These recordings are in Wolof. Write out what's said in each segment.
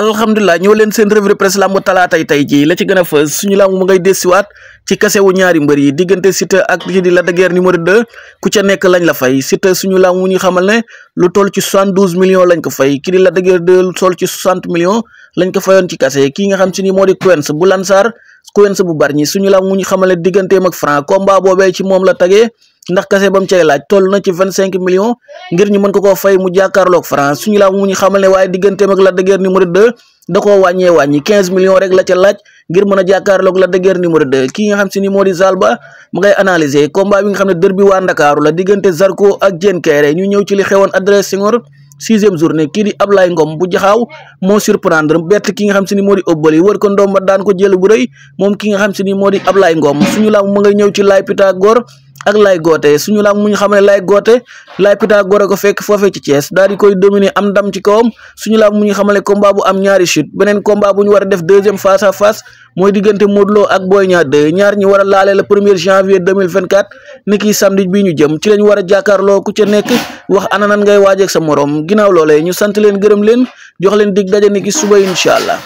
alhamdulilah ñoo leen seen revue presse lambu talaatay tey jii la ci gën a fës suñu lambu mu ngay desiwaat ci kasewu ñaari mbër yi diggante Siteu ak li di la de Guiers numéro 2 ku ca nekk lañ la fay Siteu suñu lambu mu ñu xamal ne lu toll ci soixante-douze million lañ ko fay ki di Lac de Guiers 2 lu toll ci soixante millions lañ ko fayoon ci kase kii nga xam si ni moo di Quench bu Lansar Quench bu Bargny suñu lambu mu ñu xamal ne digganteem ak Franc combat boobee ci moom la tagee ndax kase ba mu laaj tol na ci vingt cinq millions ngir ñu mën ko koo fay mu jàkkaarloog France ñu laa mu ñu xamal ne waaye digganteem ak Lac de Guiers numéro 2 da koo wàññee wàññi quinze millions rek la ca laaj ngir mën a jàkkaarloog Lac de Guiers numéro ki kii nga xam si ni moo di Zalba mu ngay analyser combat bi nga xam ne derby wa Ndakaaru la diggante Zarko ak Diène Kairé ñu ñëw ci li xewoon adresse Senghor sixième journée kii di Ablaye Ngom bu jaxaaw moo surprendre bett ki nga xam si ni moo di ëbbali wër ko ndomba daan ko jël bu ki nga xam si ni moo di Ablaye Ngom suñu làmb mu ngay ñëw ci laay Pythagore ak Laye Gothé suñu lam mu ñu xam ne Laye Gothé Laye Pythagore ko fekk foofee ci Thiès daal di koy dominer am ndam ci kawam suñu lam mu ñu xamale combat bu am ñaari chute beneen combat bu ñu war a def deuxième face à face mooy diggante Modou Lo ak Boy ñaar ñi war a laale le premier janvier 2024 ni ki samedi bi ñu jëm ci lañ war a jàkkaarloo ku ca nekk wax ana nan ngay waajeek sa morom ginnaaw loole ñu sant leen gërëm leen jox leen dig daje ni ki suba incha allah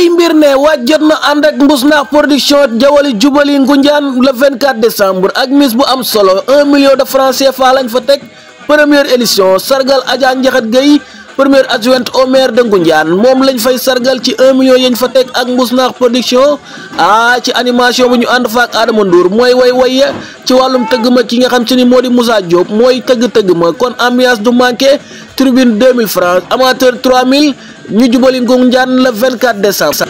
ay mbir ne waaj jot na ànd ak Mbousnakh production jawali jubali ngunjaan le 24 décembre ak mise bu am solo 1 million de francs CFA lañ fa teg première édition sargal Adja Njaxat Gueye première adjointe au maire de Ngoundiane moom lañ fay sargal ci 1 yañ fa teg ak Mbousnakh production ah ci animation bu ñu ànd fa ak Adama Ndour mooy way waye ci wàllum tëgg ma ki nga xam se moo di Moussa Diop mooy tëgg tëgg ma kon ambiance du manqué tribune 2000 francs amateur 3000 ñu jubali Ngoundiane le 24 décembre